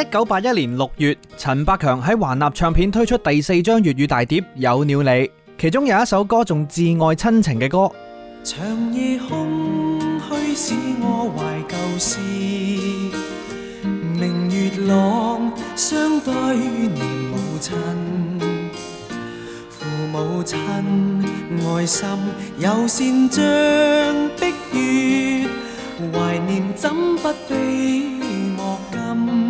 一九八一年六月，陳百強喺華納唱片推出第四張粵語大碟《有了你》，其中有一首歌，仲摯愛親情嘅歌。長夜空虛使我懷舊事，明月朗相對念母親。父母親愛心有善像碧月，懷念怎不悲莫禁。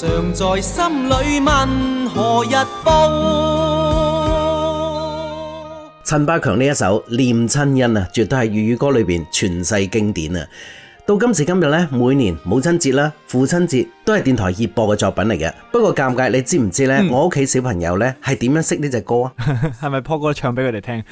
常在心裏問何日報，陳百強呢一首《念親恩》啊，絕對係粵語歌裏邊傳世經典啊！到今時今日咧，每年母親節啦、父親節都係電台熱播嘅作品嚟嘅。不過尷尬，你知唔知咧？我屋企小朋友咧係點樣識呢隻歌啊？係咪 Paul 哥唱俾佢哋聽？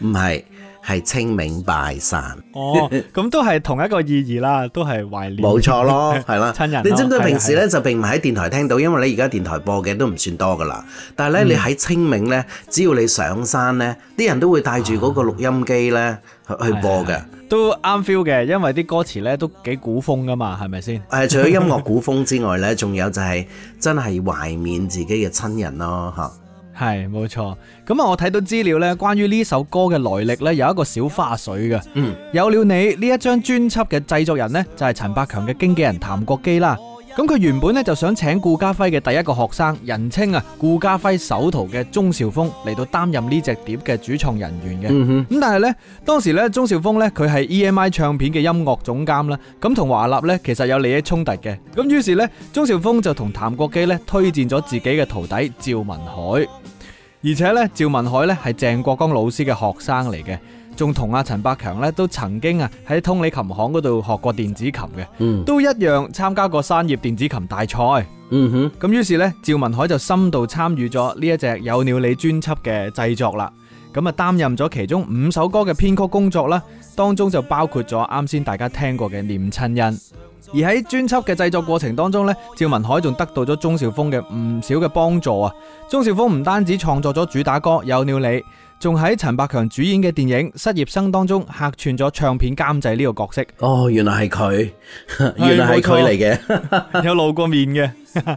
唔係。係清明拜山哦，咁都係同一個意義啦，都係懷念 錯。冇錯咯，係啦，親人。你知唔知平時咧就並唔喺電台聽到，因為你而家電台播嘅都唔算多噶啦。但係咧你喺清明咧，嗯、只要你上山咧，啲人都會帶住嗰個錄音機咧去去播嘅，啊，都啱 feel 嘅，因為啲歌詞咧都幾古風噶嘛，係咪先？誒，除咗音樂古風之外咧，仲 有就係真係懷念自己嘅親人咯，吓。係冇錯，咁啊，我睇到資料呢，關於呢首歌嘅來歷呢，有一個小花絮嘅。嗯，有了你呢一張專輯嘅製作人呢，就係陳百強嘅經紀人譚國基啦。咁佢原本呢，就想請顧嘉輝嘅第一個學生，人稱啊顧嘉輝首徒嘅鍾兆峰嚟到擔任呢隻碟嘅主創人員嘅。咁、嗯嗯、但係呢，當時呢，鍾兆峰呢，佢係 EMI 唱片嘅音樂總監啦，咁同華納呢，其實有利益衝突嘅。咁於是呢，鍾兆峰就同譚國基呢推薦咗自己嘅徒弟趙文海。而且咧，趙文海咧係鄭國江老師嘅學生嚟嘅，仲同阿陳百強咧都曾經啊喺通利琴行嗰度學過電子琴嘅，都一樣參加過山葉電子琴大賽。咁、嗯、哼於是咧，趙文海就深度參與咗呢一隻有了你專輯嘅製作啦。咁啊，擔任咗其中五首歌嘅編曲工作啦，當中就包括咗啱先大家聽過嘅《念親恩》。而喺專輯嘅製作過程當中呢，趙文海仲得到咗鍾兆峰嘅唔少嘅幫助啊！鍾兆峰唔單止創作咗主打歌《有了你》，仲喺陳百強主演嘅電影《失業生》當中客串咗唱片監製呢個角色。哦，原來係佢， 原來係佢嚟嘅， 有露過面嘅。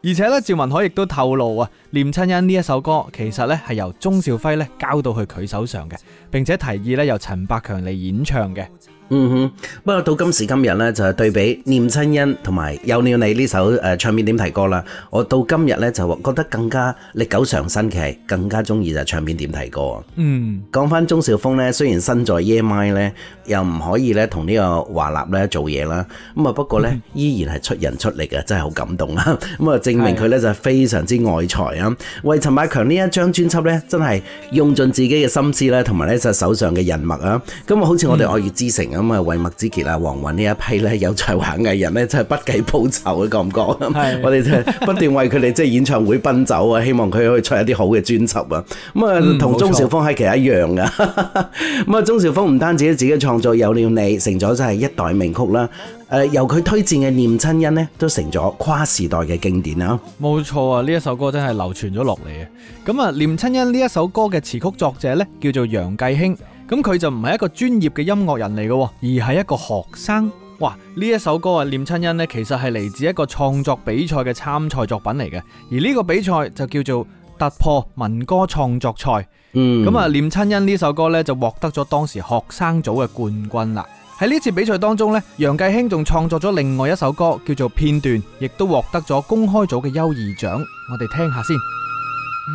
而且咧，趙文海亦都透露啊，《念親恩》呢一首歌，其實咧係由鍾兆輝咧交到去佢手上嘅，並且提議咧由陳百強嚟演唱嘅。嗯哼，不過到今時今日咧，就係對比《念親恩》同埋《有了你》呢首唱片點題歌啦。我到今日咧就覺得更加歷久常新嘅，更加中意就唱片點題歌。嗯，講翻鍾肇峰咧，雖然身在 EMI 咧，又唔可以咧同呢個華納咧做嘢啦。咁啊不過咧，依然係出人出力嘅，真係好感動啊！咁啊、嗯、 證明佢咧就係、非常之愛才啊。為的陳百強呢一張專輯咧，真係用盡自己嘅心思啦，同埋咧就手上嘅人脈啊。咁啊好似我哋《愛粵之城》咁啊，為麥之杰啊、黃云呢一批咧，有才華藝人咧，真、就、係、是、不計報酬嘅感覺。是的 我哋真係不斷為佢哋即係演唱會奔走啊， 希望佢可以出一啲好嘅專輯啊。咁啊、嗯，同鍾兆峰喺其實一樣噶。咁啊，鍾兆峰唔單止自己創作有了你，成咗真係一代名曲啦。誒、呃，由佢推薦嘅《念親恩》咧，都成咗跨時代嘅經典啊。冇錯啊，呢一首歌真係流傳咗落嚟。啊咁啊，《念親恩》呢一首歌嘅詞曲作者咧，叫做楊繼興。咁佢就唔係一個專業嘅音樂人嚟嘅，而係一個學生。哇！呢一首歌啊，念親恩呢，其實係嚟自一個創作比賽嘅參賽作品嚟嘅。而呢個比賽就叫做突破民歌創作賽。嗯。咁啊，念親恩呢首歌呢，就獲得咗當時學生組嘅冠軍啦。喺呢次比賽當中呢，楊繼興仲創作咗另外一首歌叫做片段，亦都獲得咗公開組嘅優異獎。我哋聽下先。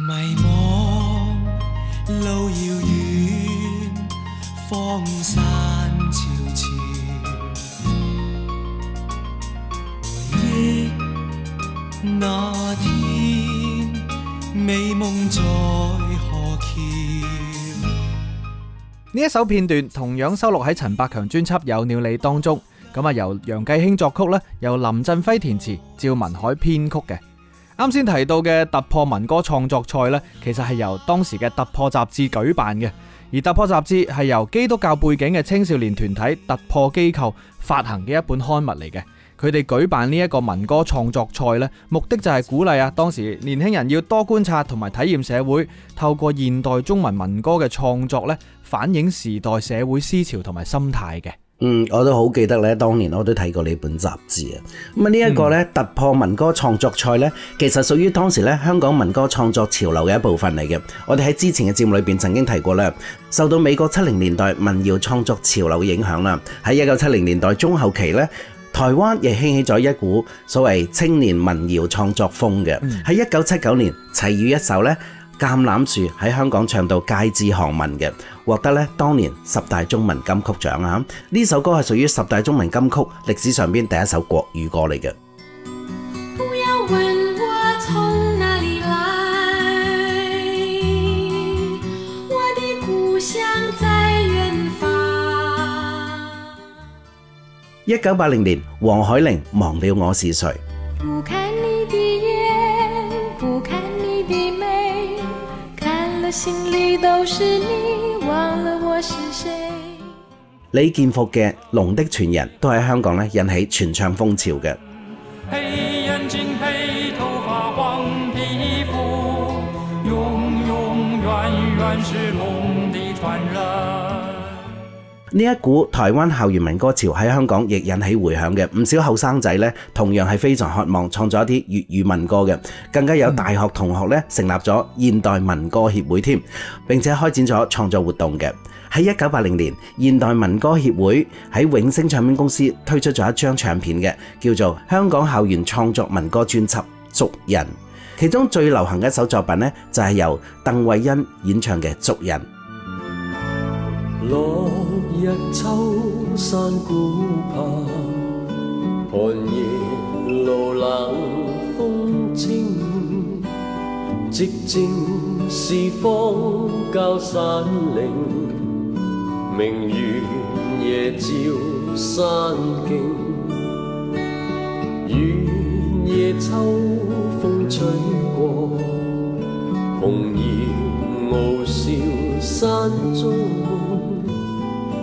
迷惘路遙遠江山悄悄。回憶那天美夢在何橋？呢一首片段同樣收錄喺陳百強專輯《有了你》當中，咁啊由楊繼興作曲咧，由林振輝填詞，趙文海編曲嘅。啱先提到嘅突破民歌創作賽咧，其實係由當時嘅《突破》雜誌舉辦嘅。而《突破雜誌》係由基督教背景嘅青少年團體突破機構發行嘅一本刊物嚟嘅，佢哋舉辦呢一個民歌創作賽咧，目的就係鼓勵啊當時年輕人要多觀察同埋體驗社會，透過現代中文民歌嘅創作咧，反映時代社會思潮同埋心態嘅。嗯，我都好記得咧，當年我都睇過呢本雜誌啊。咁啊，呢一個咧突破民歌創作賽咧，其實屬於當時咧香港民歌創作潮流嘅一部分嚟嘅。我哋喺之前嘅節目裏邊曾經提過啦，受到美國七零年代民謠創作潮流嘅影響啦。喺一九七零年代中後期咧，台灣亦興起咗一股所謂青年民謠創作風嘅。喺一九七九年，齊豫一首咧。橄欖樹喺香港唱到街知巷聞嘅，獲得咧當年十大中文金曲獎啊！呢首歌係屬於十大中文金曲歷史上邊第一首國語歌嚟嘅。不要問我從哪裏來，我的故鄉在遠方。一九八零年，王海玲《忘了我是誰》不看你的眼神。李建福嘅《龍的傳人》都喺香港呢引起傳唱風潮嘅。呢一股台灣校園民歌潮喺香港亦引起回響嘅，唔少後生仔同樣係非常渴望創作一啲粵語民歌嘅，更加有大學同學成立咗現代民歌協會添，並且開展咗創作活動嘅。喺一九八零年，現代民歌協會喺永星唱片公司推出咗一張唱片嘅，叫做《香港校園創作民歌專輯》，《足印》，其中最流行嘅一首作品呢，就係由鄧惠欣演唱嘅《足印》。落日秋山古柏，寒夜露冷風清。寂靜是荒郊山嶺，明月夜照山徑。雨夜秋風吹過，紅葉傲笑山中。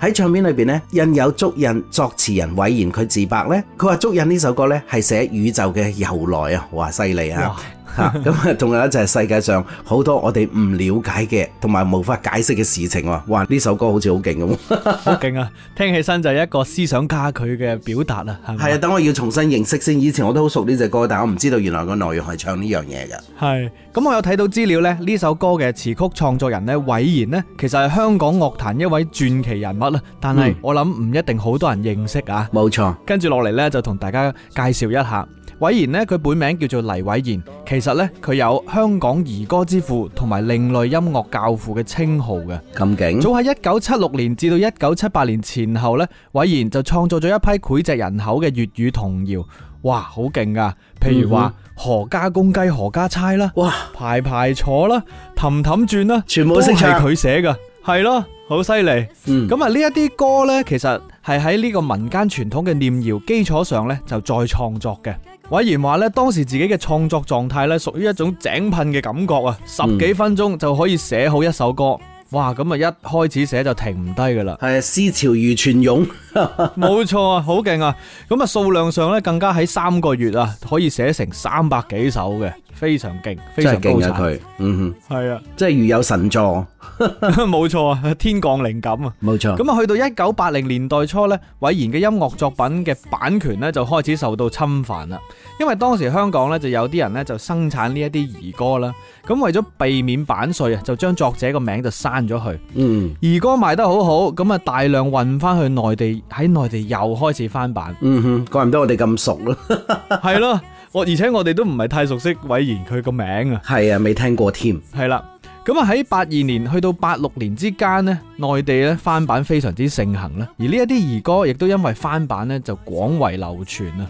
喺唱片裏面印有足印作詞人韋然，佢自白呢，佢話足印呢首歌咧，係寫宇宙嘅由來啊，哇，犀利啊。咁啊，仲 有就係世界上好多我哋唔了解嘅，同埋無法解釋嘅事情啊！哇，呢首歌好似好勁咁，好勁啊！聽起身就係一個思想家佢嘅表達啦，係咪？係啊，等我要重新認識先。以前我都好熟呢隻歌，但係我唔知道原來個內容係唱呢樣嘢噶。係，咁我有睇到資料呢。呢首歌嘅詞曲創作人呢，韋然呢，其實係香港樂壇一位傳奇人物啦。但係我諗唔一定好多人認識、嗯、啊。冇錯。跟住落嚟呢，就同大家介紹一下。韋然呢，佢本名叫做黎偉賢。其實呢，佢有香港兒歌之父同埋另類音樂教父嘅稱號嘅。咁勁！早喺一九七六年至到一九七八年前後呢，韋然就創作咗一批膾炙人口嘅粵語童謠。哇，好勁噶！譬如話、嗯、哼何家公雞何家猜啦，哇，排排坐啦，氹氹轉啦，全部都係佢寫噶，係咯，好犀利。咁啊，呢一啲歌呢，其實係喺呢個民間傳統嘅念謠基礎上呢，就再創作嘅。韋然話咧，當時自己嘅創作狀態咧，屬於一種井噴嘅感覺啊，十幾分鐘就可以寫好一首歌，哇！咁啊，一開始寫就停唔低噶啦，係思潮如泉湧，冇錯啊，好勁啊！咁啊，數量上咧更加喺三個月啊，可以寫成三百幾首嘅。非常勁，真係勁啊！佢，嗯哼，係啊，即係如有神助，冇錯啊，天降靈感啊，冇錯。咁啊，去到一九八零年代初咧，韋然嘅音樂作品嘅版權咧就開始受到侵犯啦。因為當時香港咧就有啲人咧就生產呢一啲兒歌啦，咁為咗避免版稅啊，就將作者個名就刪咗去。嗯，兒歌賣得好好，咁啊大量運翻去內地，喺內地又開始翻版。嗯哼，怪唔得我哋咁熟咯，係咯。而且我哋都唔係太熟悉韋然佢個名啊，係啊，未聽過添。係啦，咁啊喺八二年去到八六年之間呢，內地咧翻版非常之盛行啦，而呢一啲兒歌亦都因為翻版呢就廣為流傳啊。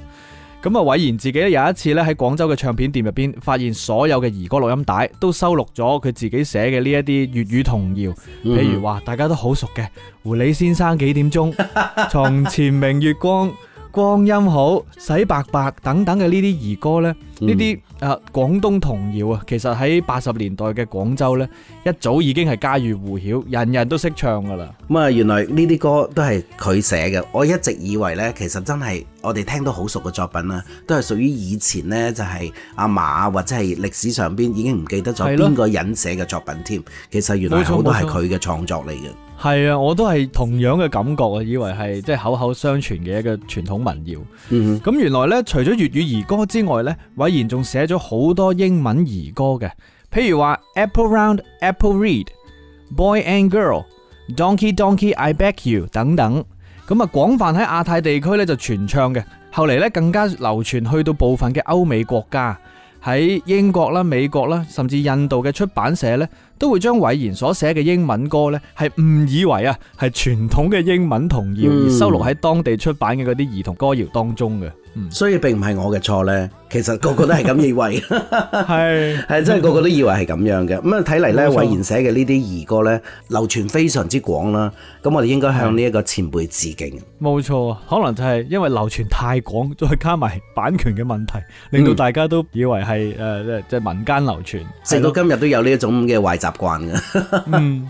咁啊，韋然自己咧有一次咧喺廣州嘅唱片店入邊，發現所有嘅兒歌錄音帶都收錄咗佢自己寫嘅呢一啲粵語童謠，嗯、譬如話大家都好熟嘅《狐狸先生幾點鐘》、《床前明月光》。 光陰好洗白白等等嘅呢啲兒歌呢，呢啲啊廣東童謠啊，其實喺八十年代嘅廣州呢，一早已經係家喻戶曉，人人都識唱噶啦。咁啊，原來呢啲歌都係佢寫嘅。我一直以為呢，其實真係我哋聽到好熟嘅作品啦，都係屬於以前呢，就係阿嫲或者係歷史上邊已經唔記得咗邊個人寫嘅作品添。是的 其實原來好多係佢嘅創作嚟嘅。係啊，我都係同樣嘅感覺啊，以為係即係口口相傳嘅一個傳統民謠。咁、嗯、哼原來呢，除咗粵語兒歌之外呢，韋然仲寫咗好多英文兒歌嘅，譬如話 Apple Round Apple Red，Boy and Girl，Donkey Donkey I Beg You 等等。咁啊，廣泛喺亞太地區呢就傳唱嘅，後嚟呢，更加流傳去到部分嘅歐美國家，喺英國啦、美國啦，甚至印度嘅出版社呢。都會將韋然所寫嘅英文歌呢，係誤以為啊係傳統嘅英文童謠，嗯、而收錄喺當地出版嘅嗰啲兒童歌謠當中嘅。嗯、所以並唔係我嘅錯呢，其實個個都係咁以為，係係真係個個都以為係咁樣嘅。咁啊睇嚟呢，韋 然寫嘅呢啲兒歌呢，流傳非常之廣啦。咁我哋應該向呢一個前輩致敬。冇錯啊，可能就係因為流傳太廣，再加埋版權嘅問題，令到大家都以為係誒即係民間流傳，成、嗯、的到今日都有呢一種嘅壞習習慣嘅， 嗯，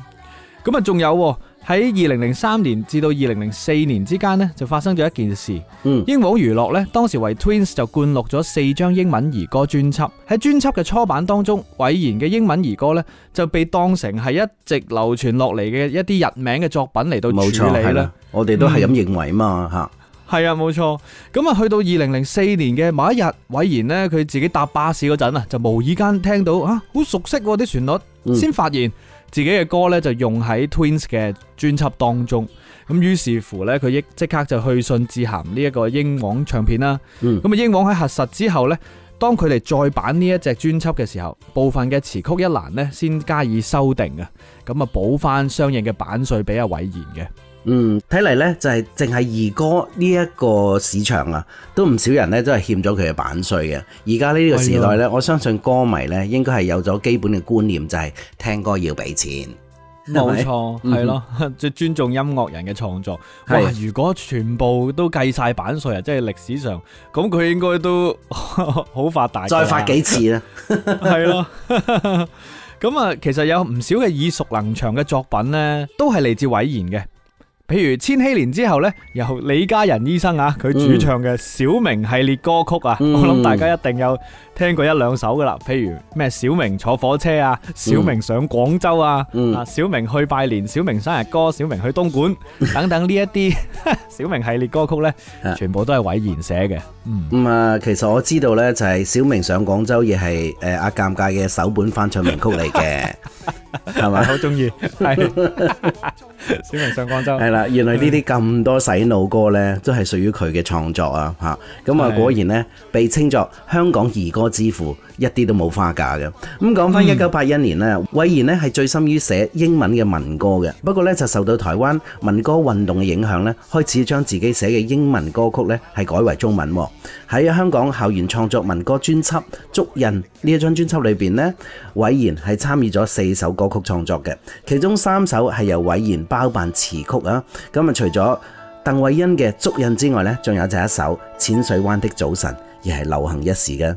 咁啊，仲有喺二零零三年至到二零零四年之間咧，就發生咗一件事。嗯，英皇娛樂咧，當時為 Twins 就灌錄咗四張英文兒歌專輯。喺專輯嘅初版當中，偉賢嘅英文兒歌咧，就被當成係一直流傳落嚟嘅一啲日名嘅作品嚟到處理啦。是嗯、我哋都係咁認為嘛，吓。係啊，冇錯。咁啊，去到二零零四年嘅某一日，偉賢呢，佢自己搭巴士嗰陣啊，就無意間聽到啊，好熟悉啲旋律，先、嗯、發現自己嘅歌呢，就用喺 Twins 嘅專輯當中。咁於是乎呢，佢即刻就去信致函呢一個英皇唱片啦。咁啊、嗯，英皇喺核實之後呢，當佢哋再版呢一隻專輯嘅時候，部分嘅詞曲一欄呢，先加以修訂啊，咁啊補翻相應嘅版稅俾阿偉賢嘅。嗯，睇嚟呢，就係淨係兒歌呢一個市場啊，都唔少人呢，都係欠咗佢嘅版稅嘅。而家呢個時代呢，是的 我相信歌迷呢，應該係有咗基本嘅觀念，就係、是、聽歌要俾錢。冇錯錯，係咯吧，即尊重音樂人嘅創作。哇，的如果全部都計晒版稅啊，即係歷史上，咁佢應該都好 發大。再發幾次啦，係咯的。咁啊，其實有唔少嘅耳熟能詳嘅作品呢，都係嚟自韋然嘅。譬如千禧年之後呢，由李家仁醫生啊，佢主唱嘅小明系列歌曲啊，嗯、我諗大家一定有。聽過一兩首噶啦，譬如咩小明坐火車啊，小明上廣州啊，啊小明去拜年，小明生日歌，小明去東莞等等呢一啲小明系列歌曲咧，全部都係韋然寫嘅。咁啊，其實我知道咧就係小明上廣州亦係誒阿尷尬嘅首本翻唱名曲嚟嘅，係咪？好中意，係小明上廣州。係啦，原來呢啲咁多洗腦歌咧，都係屬於佢嘅創作啊，吓咁啊，果然咧被稱作香港兒歌。似乎一啲都冇花架嘅。咁講翻，一九八一年咧，韋然咧係醉心於寫英文嘅民歌嘅，不過呢，就受到台灣民歌運動嘅影響呢，開始將自己寫嘅英文歌曲呢係改為中文喎。喺香港校園創作民歌專輯《足印》呢一張專輯裏邊咧，韋然係參與咗四首歌曲創作嘅，其中三首係由韋然包辦詞曲啊。咁啊，除咗鄧惠欣嘅《足印》之外呢，仲有就一首《淺水灣的早晨》，而係流行一時嘅。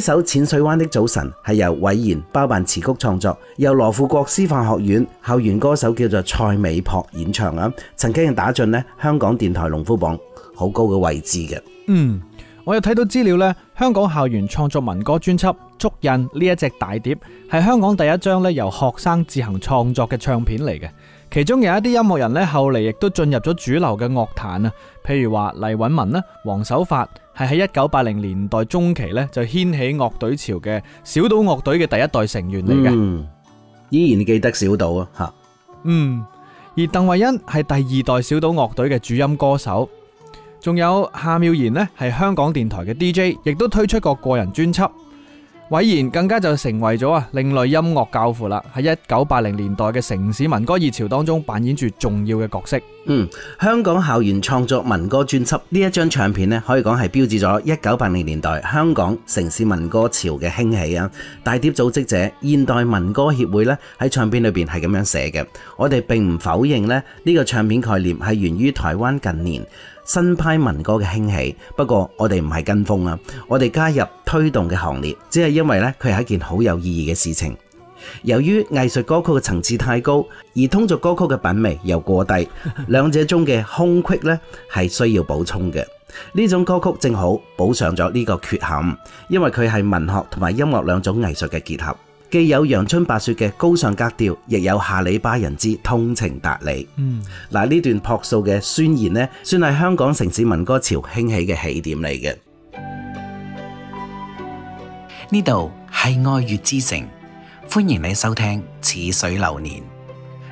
呢首淺水灣的早晨係由韋然包辦詞曲創作，由羅富國師範學院校園歌手叫做蔡美璞演唱啊，曾經打進香港電台龍虎榜好高嘅位置嘅。嗯，我又睇到資料呢，香港校園創作民歌專輯《足印》呢一隻大碟係香港第一張咧，由學生自行創作嘅唱片嚟嘅，其中有一啲音樂人咧後嚟亦都進入咗主流嘅樂壇啊，譬如話黎允文啦、黃守發。係喺一九八零年代中期咧，就掀起樂隊潮嘅小島樂隊嘅第一代成員嚟嘅。嗯，依然記得小島啊，吓。嗯，而鄧惠欣係第二代小島樂隊嘅主音歌手，仲有夏妙然呢係香港電台嘅 DJ，亦都推出過個人專輯。韋然更加就成為咗啊另類音樂教父啦！喺一九八零年代嘅城市民歌熱潮當中扮演住重要嘅角色。嗯，香港校園創作民歌專輯呢一張唱片呢，可以講係標誌咗一九八零年代香港城市民歌潮嘅興起啊！大碟組織者現代民歌協會呢，喺唱片裏邊係咁樣寫嘅，我哋並唔否認呢呢個唱片概念係源於台灣近年，新派民歌嘅興起，不過我哋唔係跟風啊，我哋加入推動嘅行列，只係因為咧佢係一件好有意義嘅事情。由於藝術歌曲嘅層次太高，而通俗歌曲嘅品味又過低，兩者中嘅空隙咧係需要補充嘅。呢種歌曲正好補上咗呢個缺陷，因為佢係文學同埋音樂兩種藝術嘅結合。既有陽春白雪嘅高尚格調，亦有下里巴人之通情達理。嗯，嗱呢段樸素嘅宣言咧，算係香港城市民歌潮興起嘅起點嚟嘅。呢度係愛粵之城，歡迎你收聽《似水流年》，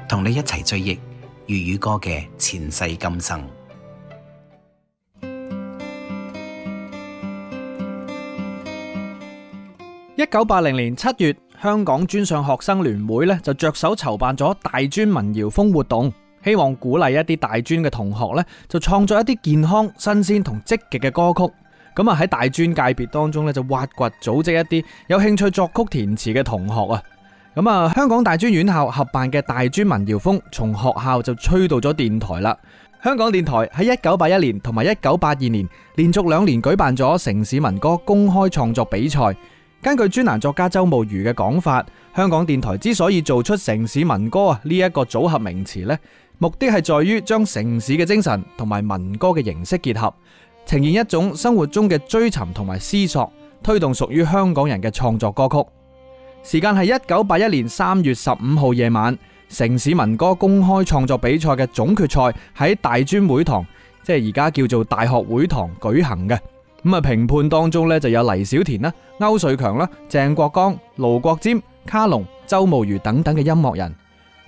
同你一齊追憶粵語歌嘅前世今生。一九八零年七月。香港專上學生聯會咧就着手籌辦咗大專民謠風活動，希望鼓勵一啲大專嘅同學咧就創作一啲健康、新鮮同積極嘅歌曲。咁啊，喺大專界別當中咧就挖掘、組織一啲有興趣作曲填詞嘅同學啊。咁啊，香港大專院校合辦嘅大專民謠風從學校就吹到咗電台啦。香港電台喺一九八一年同埋一九八二年連續兩年舉辦咗城市民歌公開創作比賽。根據專欄作家周慕余嘅講法，香港電台之所以做出城市民歌啊呢一個組合名詞呢，目的係在於將城市嘅精神同埋民歌嘅形式結合，呈現一種生活中嘅追尋同埋思索，推動屬於香港人嘅創作歌曲。時間係一九八一年三月十五號夜晚，城市民歌公開創作比賽嘅總決賽喺大專會堂，即係而家叫做大學會堂舉行嘅。咁啊，評判當中咧就有黎小田啦、歐瑞強啦、鄭國江、盧國沾、卡龍、周慕瑜等等嘅音樂人。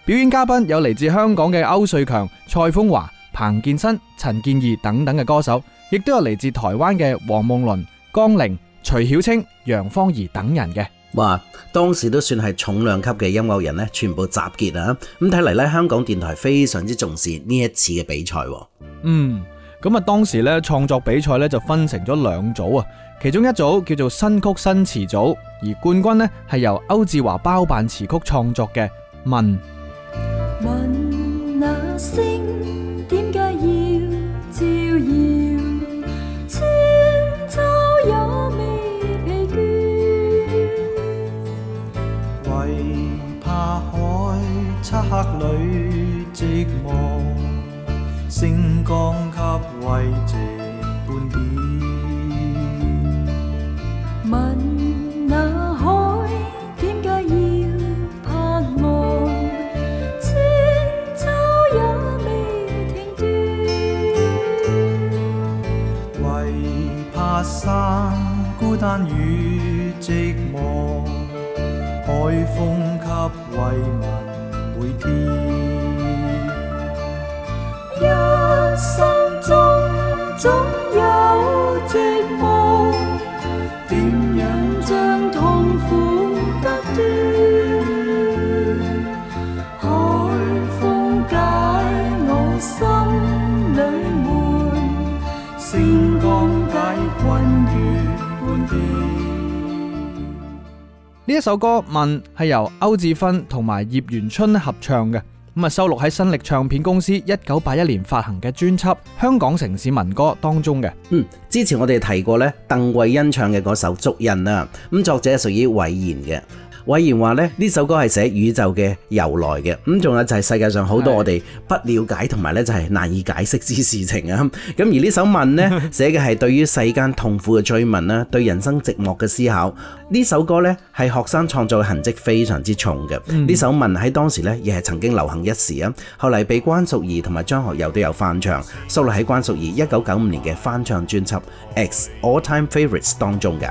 表演嘉賓有嚟自香港嘅歐瑞強、蔡楓華、彭健新、陳建仁等等嘅歌手，亦都有嚟自台灣嘅黃夢麟、江玲、徐曉清、楊芳儀等人嘅。哇，當時都算係重量級嘅音樂人呢，全部集結啊！咁睇嚟呢，香港電台非常之重視呢一次嘅比賽。嗯。咁啊，當時咧創作比賽咧就分成咗兩組啊，其中一組叫做新曲新詞組，而冠軍呢係由區志華包辦詞曲創作嘅《問》。問那星光給慰藉半點，問那海，點解要盼望？千秋也未停斷，唯怕心孤單與寂寞，海風給慰。呢一首歌問，係由區桂芬同埋葉源春合唱嘅。咁啊，收錄喺新力唱片公司一九八一年發行嘅專輯《香港城市民歌》當中嘅。嗯，之前我哋提過咧，鄧惠欣唱嘅嗰首《足印》啊，咁作者係屬於韋然嘅。韋然話咧呢首歌係寫宇宙嘅由來嘅，咁仲有就係世界上好多我哋不了解同埋咧就係難以解釋之事情啊！咁而呢首問呢，寫嘅係對於世間痛苦嘅追問啦，對人生寂寞嘅思考。呢首歌呢，係學生創作痕跡非常之重嘅。呢首問喺當時呢，亦係曾經流行一時啊！後嚟被關淑怡同埋張學友都有翻唱，收錄喺關淑怡一九九五年嘅翻唱專輯《Ex All Time Favorites》當中嘅。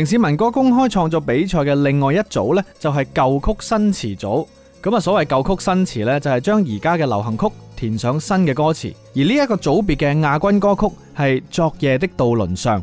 城市民歌公開創作比賽嘅另外一組呢，就係舊曲新詞組。咁啊，所謂舊曲新詞呢，就係將而家嘅流行曲填上新嘅歌詞。而呢一個組別嘅亞軍歌曲係《昨夜的渡輪上》。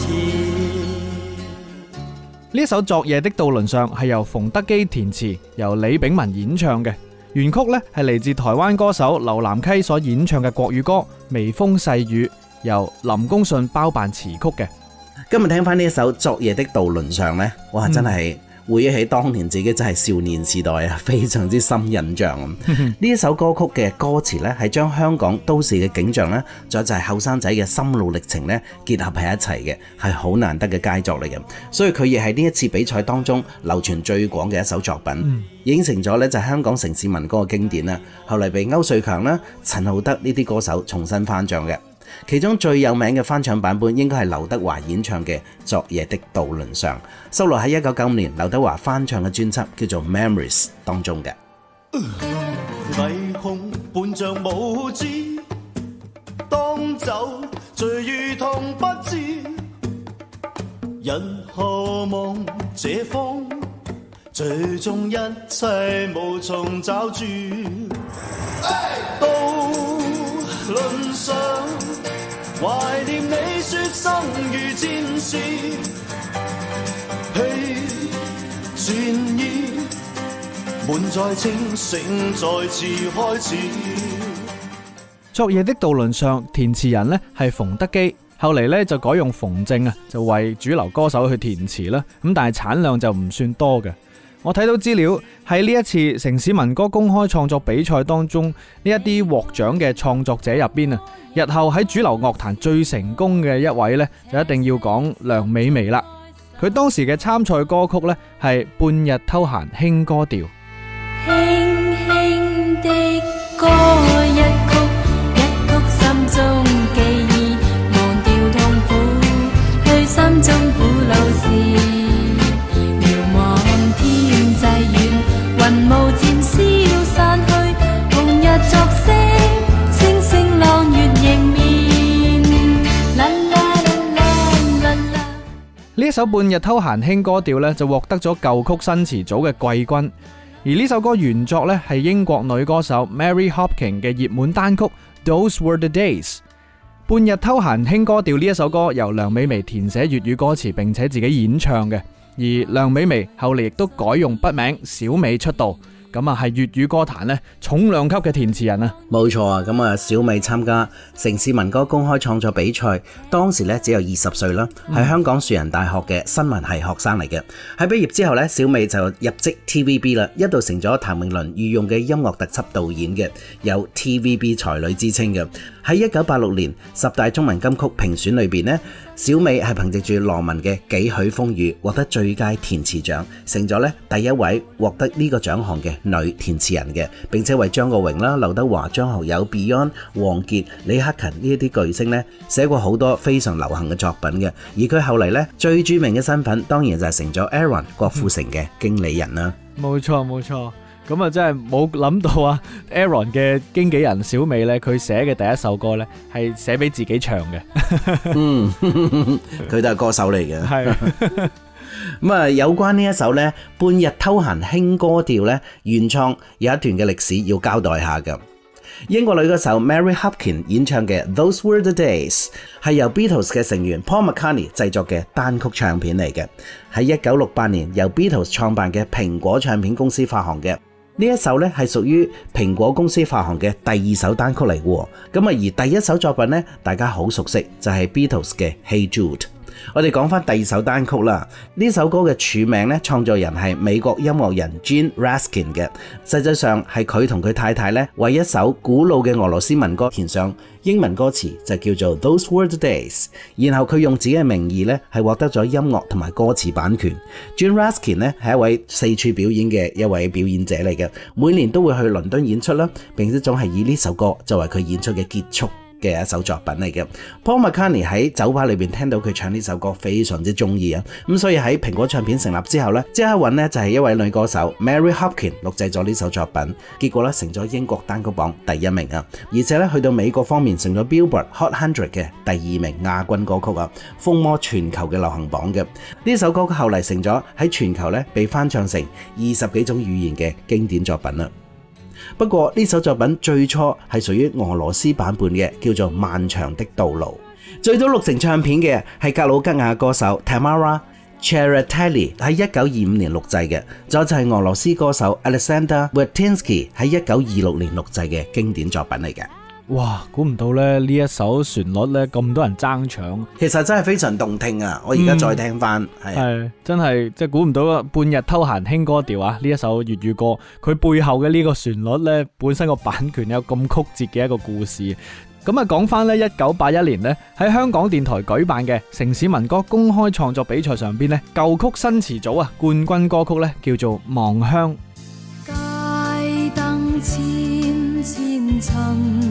呢首昨夜的渡輪上係由馮德基填詞，由李炳文演唱嘅。原曲呢係嚟自台灣歌手劉南溪所演唱嘅國語歌微風細雨，由林公信包辦詞曲嘅。今日聽翻呢一首昨夜的渡輪上咧，哇真係～、嗯回憶起當年自己真係少年時代啊，非常之深印象。呢、mm hmm. 一首歌曲嘅歌詞呢係將香港都市嘅景象呢，仲有就係後生仔嘅心路歷程呢結合喺一齊嘅，係好難得嘅佳作嚟嘅。所以佢亦係呢一次比賽當中流傳最廣嘅一首作品，mm hmm. 影成咗呢就香港城市民歌嘅經典啦。後嚟被區瑞強啦、陳浩德呢啲歌手重新翻唱嘅。其中最有名嘅翻唱版本應該係劉德華演唱嘅昨夜的渡輪上，收錄喺一九九五年劉德華翻唱嘅專輯叫做 Memories 當中嘅。霓虹伴着舞姿，當酒醉，如同不知人和夢，這風最終一切無從找住輪上懷念你，說生如戰士披戰衣，滿載清醒，再次開始。昨夜的渡輪上，填詞人呢係馮德基，後嚟呢就改用馮正啊，就為主流歌手去填詞啦。咁但係產量就唔算多嘅。我睇到資料喺呢一次城市民歌公開創作比賽當中，呢一啲獲獎嘅創作者入邊啊，日後喺主流樂壇最成功嘅一位呢，就一定要講梁美薇啦。佢當時嘅參賽歌曲呢，係《半日偷閒輕歌調》。輕輕的歌一曲，一曲心中記憶，忘掉痛苦，去心中苦惱事。一首《半日偷閒輕歌調》咧，就獲得咗舊曲新詞組嘅季軍。而呢首歌原作咧係英國女歌手 Mary Hopkin 嘅熱門單曲《Those Were the Days》。《半日偷閒輕歌調》呢一首歌由梁美薇填寫粵語歌詞並且自己演唱嘅，而梁美薇後嚟亦都改用筆名小美出道。咁啊，係粵語歌壇咧重量級嘅填詞人啊！冇錯啊！咁啊，小美參加城市民歌公開創作比賽，當時咧只有二十歲啦，係香港樹仁大學嘅新聞系學生嚟嘅。喺畢業之後咧，小美就入職 TVB 啦，一度成咗譚詠麟御用嘅音樂特輯導演嘅，有 TVB 才女之稱嘅。喺一九八六年十大中文金曲評選裏邊呢，小美係憑借住羅文嘅《幾許風雨》獲得最佳填詞獎，成咗咧第一位獲得呢個獎項嘅。女填詞人嘅，並且為張國榮啦、劉德華、張學友、Beyond、王傑、李克勤，呢一啲巨星呢寫過好多非常流行嘅作品嘅。而佢後嚟呢最著名嘅身份，當然就係成咗 Aaron 郭富城嘅經理人啦。冇錯冇錯，咁啊真係冇諗到啊 Aaron 嘅經紀人小美呢，佢寫嘅第一首歌呢係寫俾自己唱嘅。嗯，佢都係歌手嚟嘅。係。咁啊、嗯，有關呢一首咧《半日偷閒輕歌調》咧，原創有一段嘅歷史要交代下嘅。英國女歌手 Mary Hopkin 演唱嘅《Those Were the Days》係由 Beatles 嘅成員 Paul McCartney 製作嘅單曲唱片嚟嘅，喺一九六八年由 Beatles 創辦嘅蘋果唱片公司發行嘅。呢一首咧係屬於蘋果公司發行嘅第二首單曲嚟嘅。咁啊，而第一首作品咧，大家好熟悉就係、是、Beatles 嘅《Hey Jude》。我哋講翻第二首單曲啦，呢首歌嘅署名咧，創作人係美國音樂人 Gene Raskin 嘅。實際上係佢同佢太太咧，為一首古老嘅俄羅斯民歌填上英文歌詞，就叫做 Those Were The Days。然後佢用自己嘅名義咧，係獲得咗音樂同埋歌詞版權。Gene Raskin 咧，係一位四處表演嘅一位表演者嚟嘅，每年都會去倫敦演出啦，並且總係以呢首歌作為佢演出嘅結束嘅一首作品嚟嘅，Paul McCartney 喺酒吧裏面聽到佢唱呢首歌，非常之中意啊！咁所以喺蘋果唱片成立之後咧，即刻揾咧就係一位女歌手 Mary Hopkin 錄製咗呢首作品，結果咧成咗英國單曲榜第一名啊！而且咧去到美國方面成咗 Billboard Hot Hundred 嘅第二名亞軍歌曲啊，風魔全球嘅流行榜嘅呢首歌後嚟成咗喺全球咧被翻唱成二十幾種語言嘅經典作品啦。不過呢首作品最初係屬於俄羅斯版本嘅，叫做《漫長的道路》。最早錄成唱片嘅係格魯吉亞歌手 Tamara Tsereteli 喺1925年錄製嘅，再就係俄羅斯歌手 Alexander Vertinsky 喺1926年錄製嘅經典作品嚟嘅。哇，估唔到咧，呢一首旋律咧，咁多人爭搶，其實真係非常動聽啊！我而家再聽翻，係真係即係估唔到啊，半日偷閒輕歌調啊！呢一首粵語歌，佢背後嘅呢個旋律咧，本身個版權有咁曲折嘅一個故事。咁啊，講翻咧一九八一年咧，喺香港電台舉辦嘅城市民歌公開創作比賽上邊咧，舊曲新詞組啊，冠軍歌曲咧叫做《望鄉》。街燈千千層。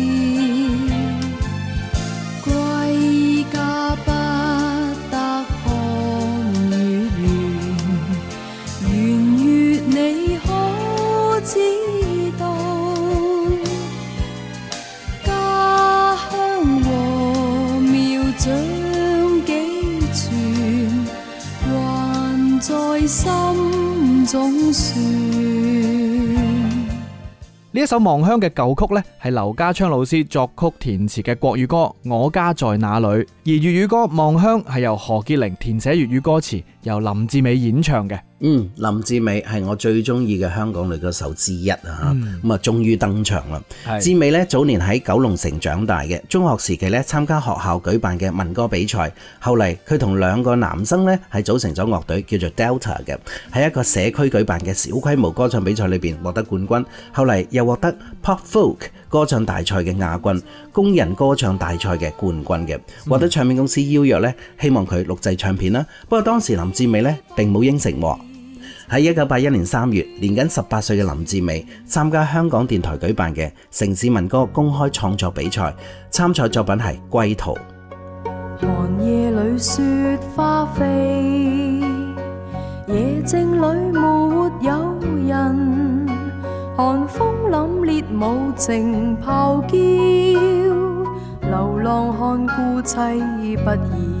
呢首《望鄉》嘅舊曲咧，係劉家昌老師作曲填詞嘅國語歌《我家在哪裏》，而粵語歌《望鄉》係由何潔玲填寫粵語歌詞，由林志美演唱嘅。嗯，林志美係我最中意嘅香港女歌手之一啊！咁啊、嗯，終於登場啦。是志美呢早年喺九龍城長大嘅，中學時期呢參加學校舉辦嘅民歌比賽。後嚟佢同兩個男生呢係組成咗樂隊叫做 Delta 嘅，喺一個社區舉辦嘅小規模歌唱比賽裏面獲得冠軍。後嚟又獲得 Pop Folk 歌唱大賽嘅亞軍、工人歌唱大賽嘅冠軍嘅，獲、嗯、得唱片公司邀約呢希望佢錄製唱片啦。不過當時林志美呢並冇應承喎。喺一九八一年三月，年僅十八歲嘅林志美參加香港電台舉辦嘅城市民歌公開創作比賽，參賽作品係《歸途》。寒夜裡雪花飛，夜靜裏沒有人，寒風凜冽無情咆叫，流浪漢孤妻不易。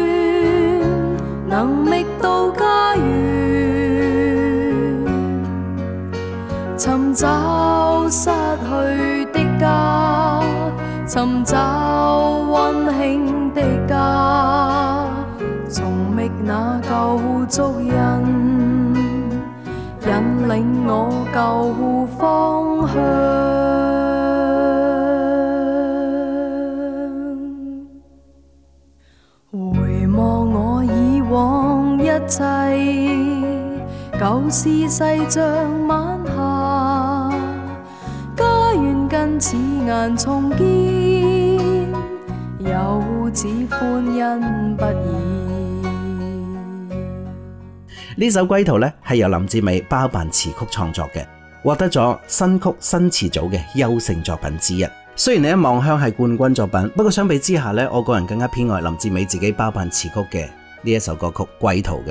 能覓到家園，尋找失去的家，尋找溫馨的家，重覓那舊足印，引領我舊方向。故事晚霞，家重見，歡欣不已。呢首《歸途》呢係由林志美包辦詞曲創作嘅，獲得咗新曲新詞組嘅優勝作品之一。雖然你一望鄉係冠軍作品，不過相比之下呢，我個人更加偏愛林志美自己包辦詞曲嘅呢一首歌曲《歸途》嘅，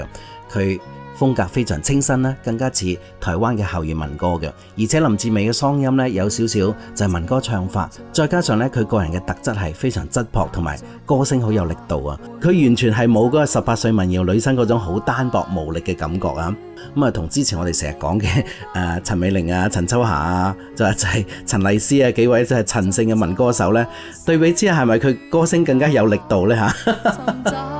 佢。風格非常清新咧，更加似台灣嘅校園民歌嘅，而且林志美嘅嗓音咧有少少就係民歌唱法，再加上咧佢個人嘅特質係非常質樸，同埋歌聲好有力度啊！佢完全係冇嗰個十八歲民謠女生嗰種好單薄無力嘅感覺啊！咁啊，同之前我哋成日講嘅誒陳美玲啊、陳秋霞啊，就係就係陳麗斯啊幾位即係陳姓嘅民歌手呢對比之下，係咪佢歌聲更加有力度呢？嚇？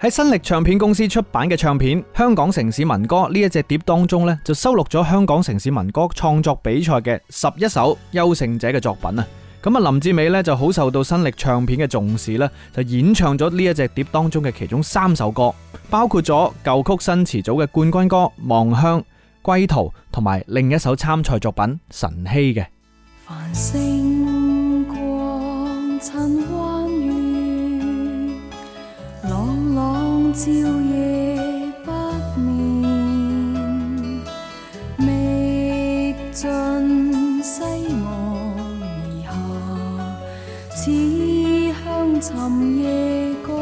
喺新力唱片公司出版嘅唱片《香港城市民歌》呢一隻碟當中呢，就收錄咗香港城市民歌創作比賽嘅十一首優勝者嘅作品啊！咁啊，林志美呢就好受到新力唱片嘅重視呢，就演唱咗呢一隻碟當中嘅其中三首歌，包括咗舊曲新詞組嘅冠軍歌《望鄉》、《歸途》，同埋另一首參賽作品《晨曦》嘅。繁星光朝夜不眠，未盡西望而下，此香尋夜告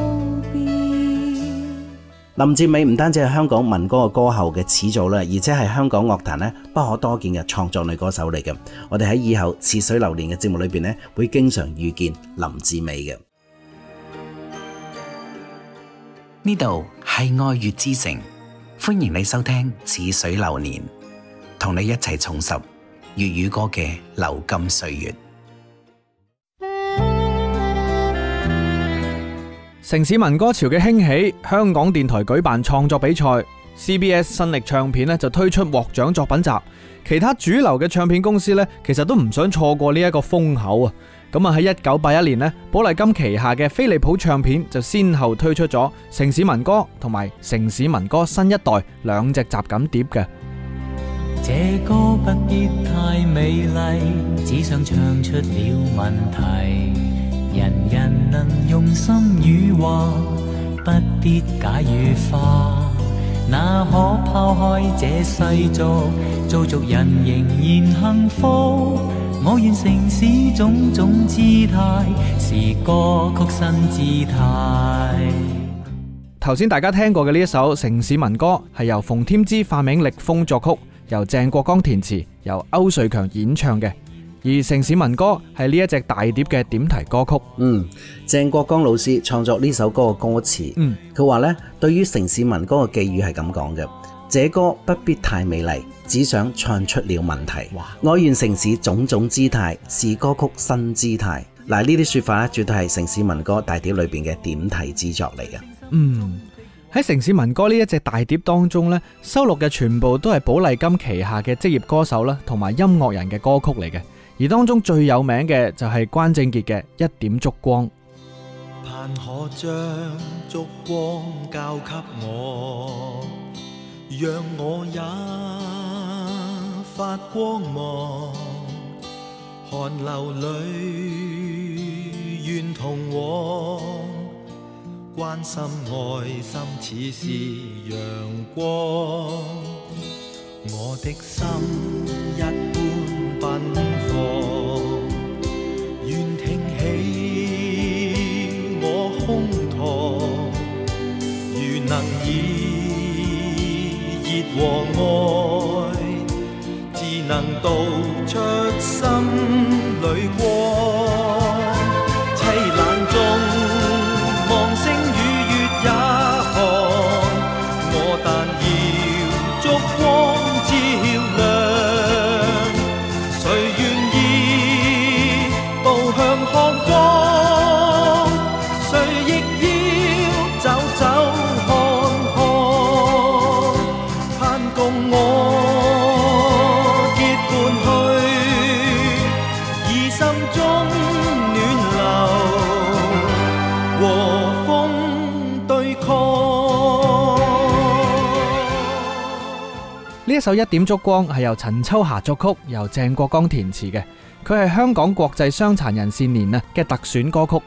別。林志美唔單止係香港民歌嘅歌后嘅始祖啦，而且係香港樂壇咧不可多見嘅創作女歌手嚟嘅。我哋喺以後似水流年嘅節目裏邊咧，會經常遇見林志美嘅。呢度係愛粵之城，歡迎你收聽《似水流年》，同你一齊重拾粵語歌嘅流金歲月。城市民歌潮嘅興起，香港電台舉辦創作比賽，CBS 新力唱片呢就推出獲獎作品集，其他主流嘅唱片公司呢其實都唔想錯過呢一個風口啊。咁啊！喺一九八一年呢，寶麗金旗下嘅飛利浦唱片就先後推出咗《城市民歌》同埋《城市民歌新一代》兩隻雜錦碟嘅。這歌不必太美麗，只想唱出了問題。人人能用心語話，不必解語化。那可拋開這世俗，做俗人仍然幸福。我願城市種種姿態，是歌曲新姿態。頭先大家聽過嘅呢一首《城市民歌》，係由馮添枝化名歷風作曲，由鄭國江填詞，由區瑞強演唱嘅。而《城市民歌》係呢一隻大碟嘅點題歌曲。嗯，鄭國江老師創作呢首歌嘅歌詞，嗯，佢話咧，對於城市民歌嘅寄語係咁講嘅。寫歌不必太美麗，只想唱出了問題。哇我願城市種種姿態，是歌曲新姿態。嗱，呢啲說法咧，絕對係城市民歌大碟裏邊嘅點題之作嚟嘅。嗯，喺城市民歌呢一隻大碟當中咧，收錄嘅全部都係寶麗金旗下嘅職業歌手啦，同埋音樂人嘅歌曲嚟嘅。而當中最有名嘅就係關正傑嘅《一點燭光》。盼可將燭光交給我，讓我也發光芒，寒流裏願同往，關心愛心似是陽光，我的心。道出心裏光。首一點燭光係由陳秋霞作曲由由鄭國江填詞嘅。佢係香港國際傷殘人士年啊嘅特選歌曲，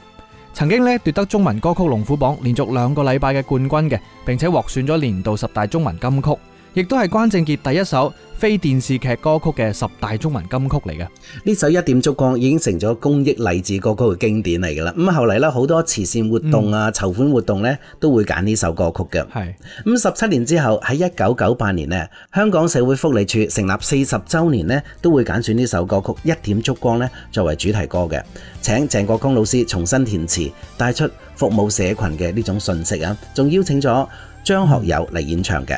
曾經咧奪得中文歌曲龍虎榜連續兩個禮拜嘅冠軍嘅，並且獲選咗年度十大中文金曲。亦都係關正傑第一首非電視劇歌曲嘅十大中文金曲嚟嘅。呢首一點燭光已經成咗公益勵志歌曲嘅經典嚟噶啦。咁後嚟咧，好多慈善活動啊、籌款活動咧，都會揀呢首歌曲嘅。係咁，十七年之後喺一九九八年呢，香港社會福利署成立四十周年呢，都會揀選呢首歌曲《一點燭光》咧，作為主題歌嘅，請鄭國江老師重新填詞，帶出服務社群嘅呢種訊息啊，仲邀請咗張學友嚟演唱嘅。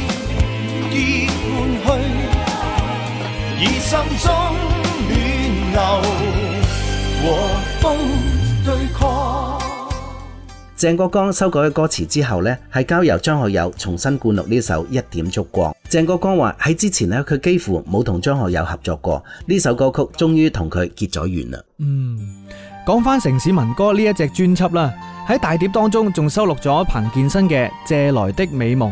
以心中暖流和風對抗。鄭國江修改歌詞之後呢，係交由張學友重新灌錄呢首《一點燭光》。鄭國江話，喺之前呢，佢幾乎冇同張學友合作過，呢首歌曲終於同佢結咗緣啦。嗯，講返《城市民歌專輯》呢一隻專輯啦，喺大碟當中仲收錄咗彭健新嘅《借來的美夢》。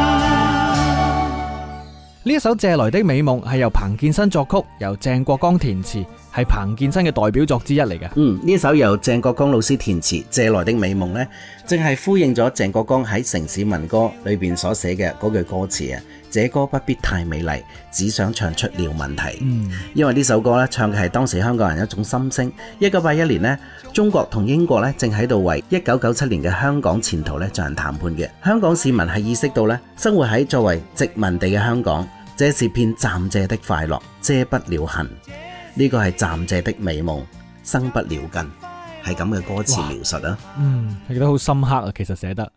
呢一首《借來的美夢》係由彭健新作曲，由鄭國江填詞，係彭健新嘅代表作之一嚟嘅。嗯，呢首由鄭國江老師填詞《借來的美夢》呢，正係呼應咗鄭國江喺《城市民歌》裏邊所寫嘅嗰句歌詞啊。這歌不必太美麗，只想唱出了問題。嗯，因為呢首歌咧，唱嘅係當時香港人一種心聲。一九八一年咧，中國同英國咧正喺度為一九九七年嘅香港前途咧進行談判嘅。香港市民係意識到咧，生活喺作為殖民地嘅香港，這是片暫借的快樂，遮不了痕。呢個係暫借的美夢，生不了根，係咁嘅歌詞描述啊。嗯，係覺得好深刻啊，其實寫得。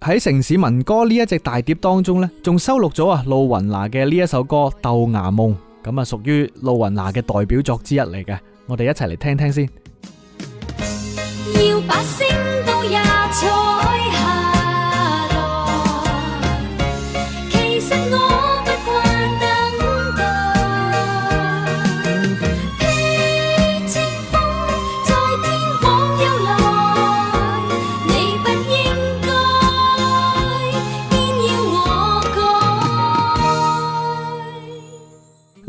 喺城市民歌呢一隻大碟當中咧，仲收錄咗啊露雲娜嘅呢一首歌《豆芽夢》，咁啊屬於露雲娜嘅代表作之一嚟嘅，我哋一齊嚟聽聽先。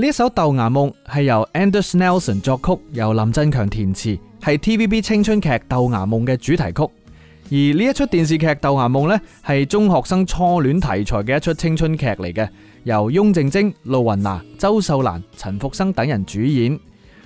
呢一首《豆芽夢》係由 Anders Nelson 作曲，由林振強填詞，係 TVB 青春劇《豆芽夢》嘅主題曲。而呢一出電視劇《豆芽夢》呢，係中學生初戀題材嘅一出青春劇嚟嘅，由翁靜晶、露雲娜、周秀蘭、陳復生等人主演。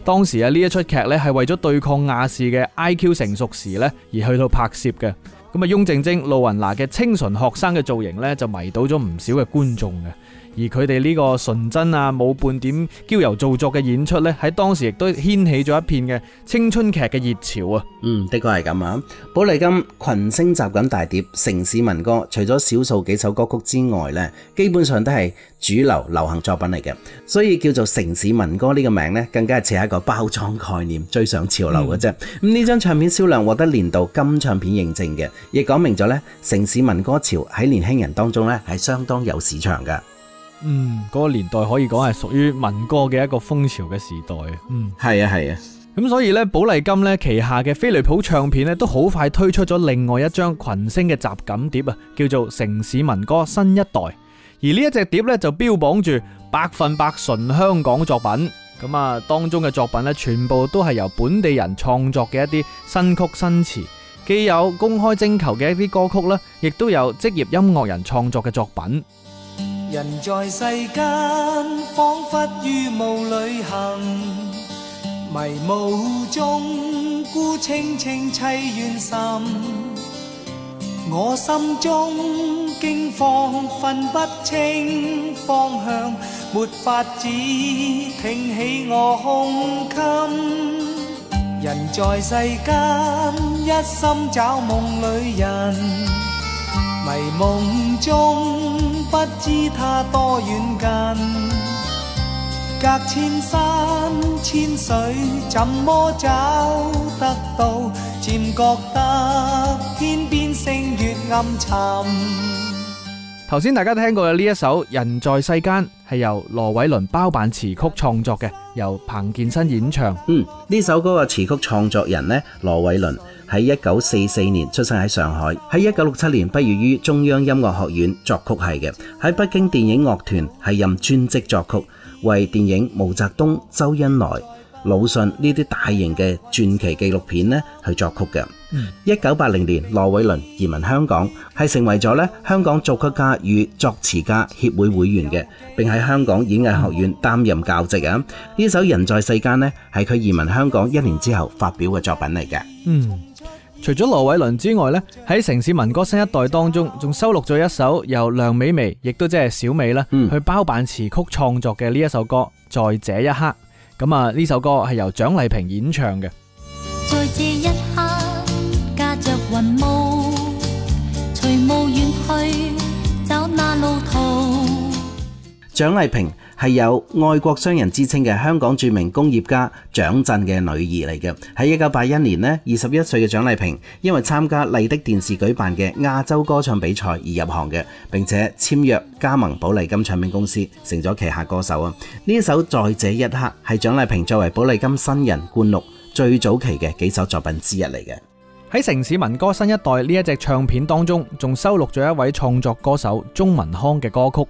當時啊，呢一出劇呢，係為咗對抗亞視嘅 IQ 成熟時咧而去到拍攝嘅。咁啊，翁靜晶、露雲娜嘅清純學生嘅造型呢，就迷倒咗唔少嘅觀眾嘅。而佢哋呢個純真啊，冇半點嬌柔造作嘅演出呢，喺當時亦都掀起咗一片嘅青春劇嘅熱潮啊。嗯，的確係咁啊。寶麗金群星雜錦大碟《城市民歌》，除咗少數幾首歌曲之外呢，基本上都係主流流行作品嚟嘅，所以叫做《城市民歌》呢個名呢，更加似係一個包裝概念，追上潮流嘅啫。咁呢、嗯、張唱片銷量獲得年度金唱片認證嘅，亦講明咗呢，《城市民歌》潮喺年輕人當中呢，係相當有市場㗎。嗯，嗰個年代可以講係屬於民歌嘅一個風潮嘅時代，嗯，係啊係啊。咁所以呢，寶麗金呢旗下，嘅飛利浦唱片呢都好快推出咗另外一張群星嘅雜錦碟啊，叫做《城市民歌新一代》。而呢一隻碟呢，就標榜住百分百純香港作品。咁啊，當中嘅作品呢，全部都係由本地人創作嘅一啲新曲新詞，既有公開徵求嘅一啲歌曲啦，亦都有職業音樂人創作嘅作品。人在世間，仿彿於霧裏行，迷霧中孤清清淒怨心。我心中驚慌，分不清方向，沒法子挺起我胸襟。人在世間，一心找夢裏人。迷夢中，不知他多遠近，隔千山千水，怎麼找得到？漸覺得天邊星月暗沉。頭先大家聽過嘅呢一首《人在世間》，係由羅偉倫包辦詞曲創作嘅，由彭健新演唱。嗯，呢首歌嘅詞曲創作人呢，羅偉倫。喺一九四四年出生喺上海，喺一九六七年畢業於中央音樂學院作曲系嘅，喺北京電影樂團係任專職作曲，為電影《毛澤東》《周恩來》《魯迅》呢啲大型嘅傳奇紀錄片呢去作曲嘅。一九八零年，羅偉倫移民香港，係成為咗咧香港作曲家與作詞家協會會員嘅，並喺香港演藝學院擔任教職啊。呢、mm. 首《人在世間》呢，係佢移民香港一年之後發表嘅作品嚟嘅。嗯。Mm. 除咗羅偉倫之外咧，喺城市民歌新一代當中，仲收錄咗一首由梁美薇，亦都即係小美啦，去包辦詞曲創作嘅呢一首歌《在這一刻》。咁啊，呢首歌係由蔣麗萍演唱嘅。在這一刻，駕着雲霧，隨霧遠去，找那路途。蔣麗萍。係有外國商人之稱嘅香港著名工業家蔣震嘅女兒嚟嘅喺一九八一年呢，二十一歲嘅蔣麗萍因為參加麗的電視舉辦嘅亞洲歌唱比賽而入行嘅，並且簽約加盟寶麗金唱片公司，成咗旗下歌手啊。呢一首《在這一刻》係蔣麗萍作為寶麗金新人灌錄最早期嘅幾首作品之一嚟嘅喺《城市民歌新一代》呢一隻唱片當中，仲收錄咗一位創作歌手鍾文康嘅歌曲。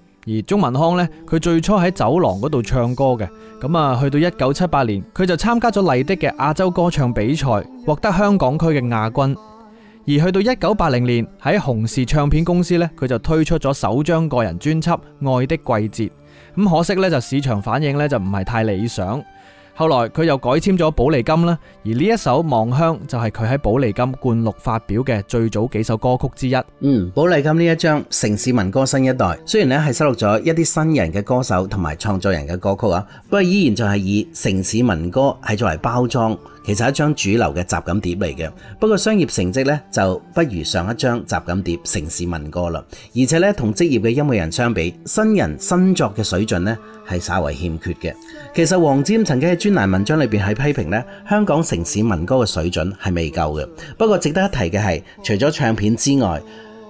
而鍾文康呢，佢最初喺酒廊嗰度唱歌嘅，咁啊，去到一九七八年，佢就參加咗麗的嘅亞洲歌唱比賽，獲得香港區嘅亞軍。而去到一九八零年，喺紅氏唱片公司呢，佢就推出咗首張個人專輯《愛的季節》，咁可惜呢，就市場反應呢，就唔係太理想。後來佢又改簽咗寶麗金啦，而呢一首《望鄉》就係佢喺寶麗金灌錄發表嘅最早幾首歌曲之一。嗯，寶麗金呢一張《城市民歌新一代》，雖然咧係收錄咗一啲新人嘅歌手同埋創作人嘅歌曲啊，不過依然就係以城市民歌係作為包裝，其實係一張主流嘅雜錦碟嚟嘅。不過商業成績咧就不如上一張雜錦碟《城市民歌》啦，而且咧同職業嘅音樂人相比，新人新作嘅水準咧係稍為欠缺嘅。其實黃沾曾經喺專欄文章裏面係批評香港城市民歌嘅水準係未夠嘅。不過值得一提嘅係除咗唱片之外，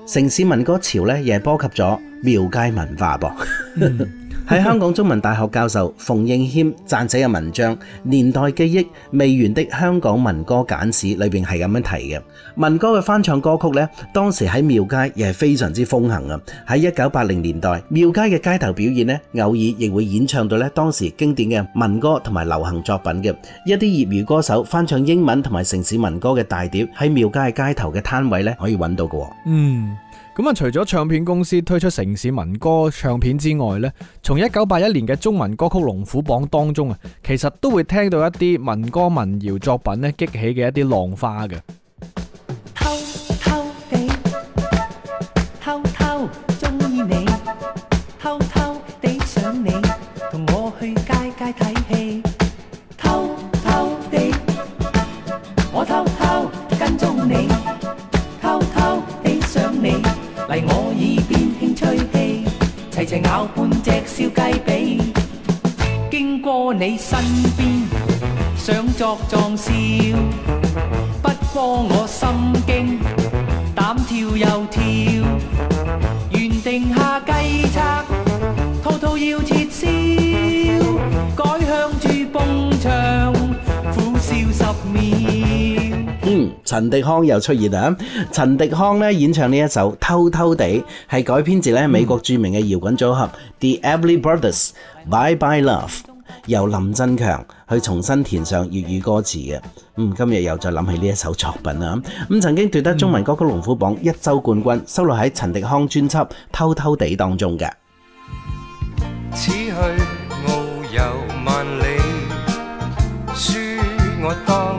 城市民歌潮呢亦係波及咗廟街文化噃。 喺 香港中文大學教授馮應謙撰寫嘅文章《年代記憶未完的香港民歌簡史》裏邊係咁樣提嘅，民歌嘅翻唱歌曲呢，當時喺廟街亦係非常之風行嘅。喺一九八零年代，廟街嘅街頭表演呢，偶爾亦會演唱到呢當時經典嘅民歌同埋流行作品嘅一啲業餘歌手翻唱英文同埋城市民歌嘅大碟，喺廟街街頭嘅攤位呢，可以揾到嘅。嗯。咁啊，除咗唱片公司推出城市民歌唱片之外咧，從一九八一年嘅中文歌曲龍虎榜當中啊，其實都會聽到一啲民歌民謠作品咧激起嘅一啲浪花嘅。提著咬半隻燒雞髀，經過你身邊，想作狀笑，不過我心驚，膽跳又跳，原定下計策，滔滔要切。陳迪匡又出現啦！陳迪匡咧演唱呢一首《偷偷地》，係改編自咧美國著名嘅搖滾組合 The Everly Brothers《Bye Bye Love》，由林振強去重新填上粵語歌詞嘅。嗯，今日又再諗起呢一首作品啦。咁曾經奪得中文歌曲龍虎榜一周冠軍，收錄喺陳迪匡專輯《偷偷地》當中嘅。此去我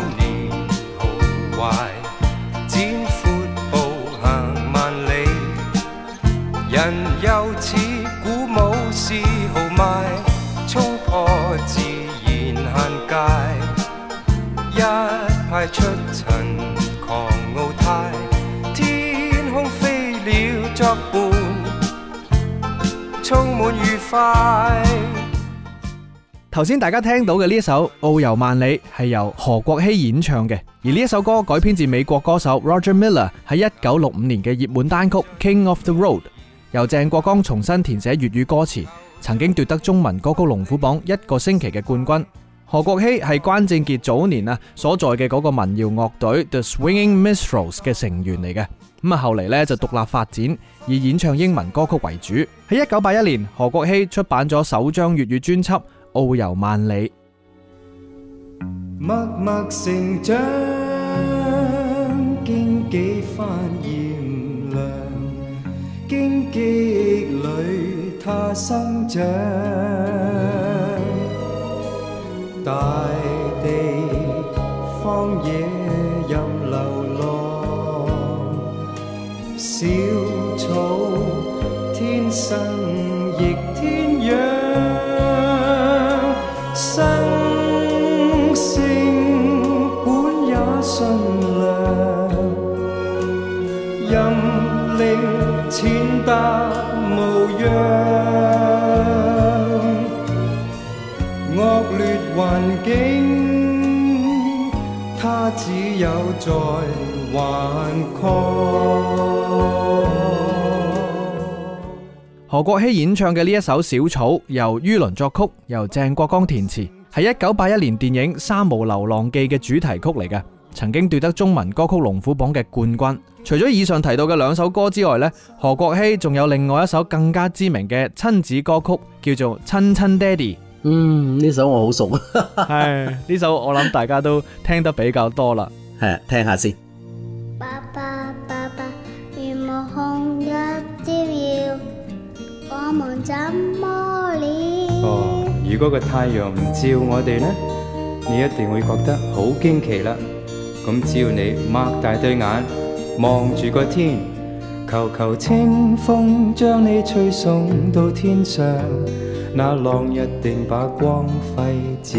一派出塵狂傲態，天空飛鳥作伴，充滿愉快。頭先大，大家聽到嘅呢一首《遨遊萬里》係由何國禧演唱嘅，而呢一首歌改編自美國歌手 Roger Miller 喺一九六五年嘅熱門單曲《King of the Road》，由鄭國江重新填寫粵語歌詞，曾經奪得中文歌曲龍虎榜一個星期嘅冠軍。何國禧係關正傑早年啊所在嘅嗰個民謠樂隊 The Swinging Minstrels 嘅成員嚟嘅咁啊，後嚟咧就獨立發展，以演唱英文歌曲為主。喺一九八一年，何國禧出版咗首張粵語專輯《遨遊萬里》。默默成長，經幾番炎涼，荊棘裏他生長。大地荒野任流浪，小草天生亦。何國禧演唱嘅呢一首《小草》，由于倫作曲，由鄭國江填詞，係一九八一年電影《三毛流浪記》嘅主題曲嚟嘅，曾經奪得中文歌曲龍虎榜嘅冠軍。除咗以上提到嘅兩首歌之外呢，何國禧仲有另外一首更加知名嘅親子歌曲，叫做《親親爹哋》。嗯，呢首我好熟啊，係 呢首我諗大家都聽得比較多啦。係，聽下先。爸爸爸爸，如無紅日照耀，哦，如果個太陽唔照我哋呢，你一定會覺得好驚奇啦。咁只要你擘大對眼望住個天，求求清風將你吹送到天上，那浪一定把光輝照。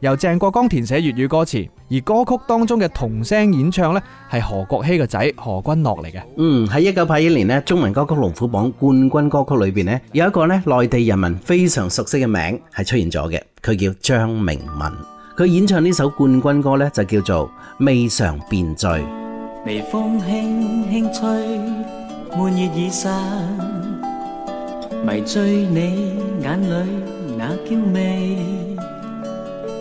由鄭國江填寫粵語歌詞，而歌曲當中嘅童聲演唱呢，係何國禧嘅仔何君諾嚟嘅。嗯，喺一九八一年呢，中文歌曲龍虎榜冠軍歌曲裏邊呢，有一個咧內地人民非常熟悉嘅名係出現咗嘅，佢叫張明敏。佢演唱呢首冠軍歌呢，就叫做《未嘗便醉》。微風輕輕吹，滿月已散，迷醉你眼裏那嬌媚。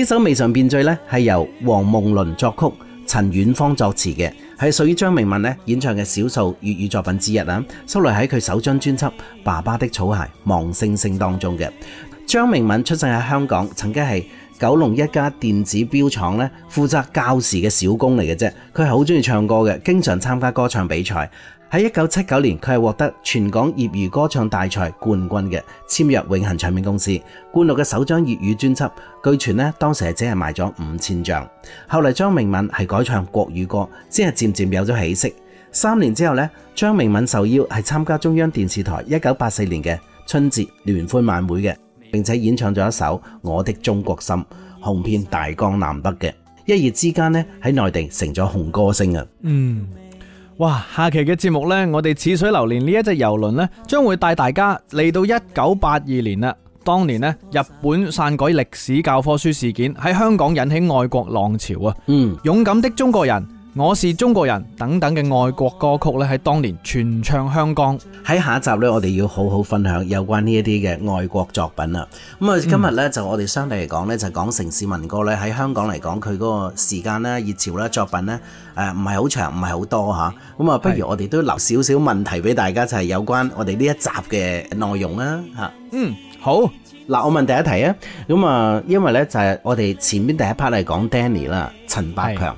呢首《未嘗便醉》咧，係由黃夢麟作曲、陳遠芳作詞嘅，係屬於張明敏咧演唱嘅少數粵語作品之一啊！收來喺佢首張專輯《爸爸的草鞋》、《望星星》當中嘅。張明敏出生喺香港，曾經係九龍一家電子錶廠咧負責教時嘅小工嚟嘅啫。佢係好中意唱歌嘅，經常參加歌唱比賽。喺一九七九年，佢係獲得全港業餘歌唱大賽冠軍嘅，簽約永恆唱片公司。灌錄嘅首張粵語專輯，據傳咧當時係只係賣咗五千張。後來張明敏係改唱國語歌，先係漸漸有咗起色。三年之後咧，張明敏受邀係參加中央電視台一九八四年嘅春節聯歡晚會嘅，並且演唱咗一首《我的中國心》，紅遍大江南北嘅，一夜之間咧喺內地成咗紅歌星啊！嗯。哇，下期嘅節目呢，我哋似水流年呢一隻遊輪呢，將會帶大家嚟到一九八二年啦。當年呢，日本篡改歷史教科書事件喺香港引起愛國浪潮啊！嗯、勇敢的中國人。我是中國人等等嘅愛國歌曲咧，喺當年全唱香港。喺下一集呢，我哋要好好分享有關呢一啲嘅愛國作品啦。咁啊，今日呢，就我哋相對嚟講咧，就講城市民歌咧，喺香港嚟講，佢嗰個時間咧、熱潮啦、作品呢，誒，唔係好長，唔係好多吓。咁啊，不如我哋都留少少問題俾大家，就係有關我哋呢一集嘅內容啦。吓，嗯，好。嗱，我問第一題啊。咁啊，因為呢，就係我哋前面第一 part 係講 Danny 啦，陳百強。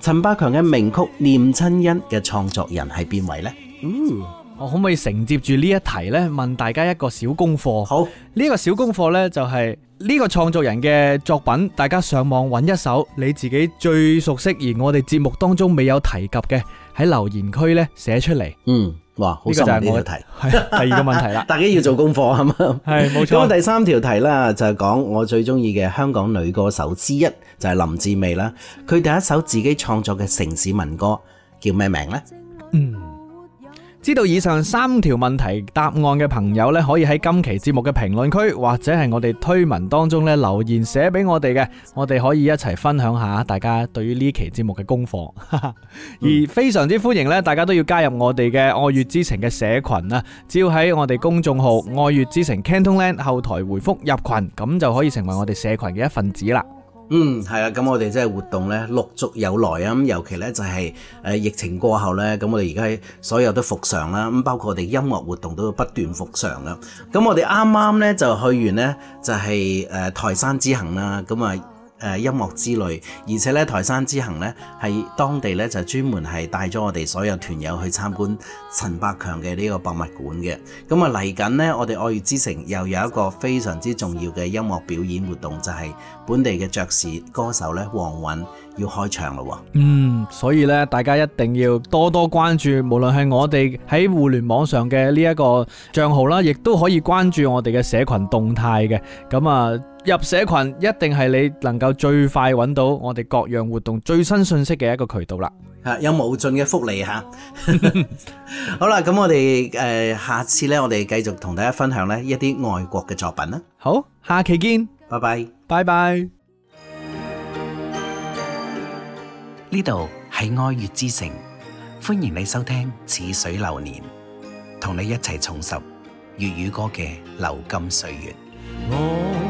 陳百強嘅名曲《念親恩》嘅創作人係邊位呢？嗯，我可唔可以承接住呢一題呢？問大家一個小功課。好，呢個小功課呢，就係呢個創作人嘅作品，大家上網揾一首你自己最熟悉而我哋節目當中未有提及嘅，喺留言區呢寫出嚟。嗯。哇！呢個就係我嘅題，係第二個問題啦。 大家要做功課，係嘛？冇錯。咁第三條題啦，就係講我最中意嘅香港女歌手之一就係、是、林志美啦。佢第一首自己創作嘅城市民歌叫咩名呢？嗯。知道以上三條問題答案嘅朋友呢，可以喺今期節目嘅評論區或者係我哋推文當中呢，留言寫俾我哋嘅，我哋可以一齊分享一下大家對於呢期節目嘅功課。 而非常之歡迎呢，大家都要加入我哋嘅愛粵之城嘅社群啊！只要喺我哋公眾號愛粵之城 CantonLand 後台回覆入群，咁就可以成為我哋社群嘅一份子啦。嗯，係啊，咁我哋即係活動呢，陸續有來啊，尤其呢，就係疫情過後呢，咁我哋而家所有都復常啦，咁包括我哋音樂活動都不斷復常啦。咁我哋啱啱呢，就去完呢，就係台山之行啦，咁啊。誒，音樂之旅，而且咧，台山之行咧，係當地咧，就專門係帶咗我哋所有團友去參觀陳百強嘅呢個博物館嘅。咁啊嚟緊呢，我哋愛粵之城又有一個非常之重要嘅音樂表演活動，就係、是、本地嘅爵士歌手咧，黃韻要開場咯喎。嗯，所以咧，大家一定要多多關注，無論係我哋喺互聯網上嘅呢一個帳號啦，亦都可以關注我哋嘅社群動態嘅。咁、嗯、啊～入社群一定係你能夠最快揾到我哋各樣活動最新信息嘅一個渠道啦。係有無盡嘅福利吓。 好啦，咁我哋誒、呃，下次呢，我哋繼續同大家分享呢一啲外國嘅作品啦。好，下期見，拜拜，拜拜。呢度係愛粵之城，歡迎你收聽《似水流年》，同你一齊重拾粵語歌嘅流金歲月。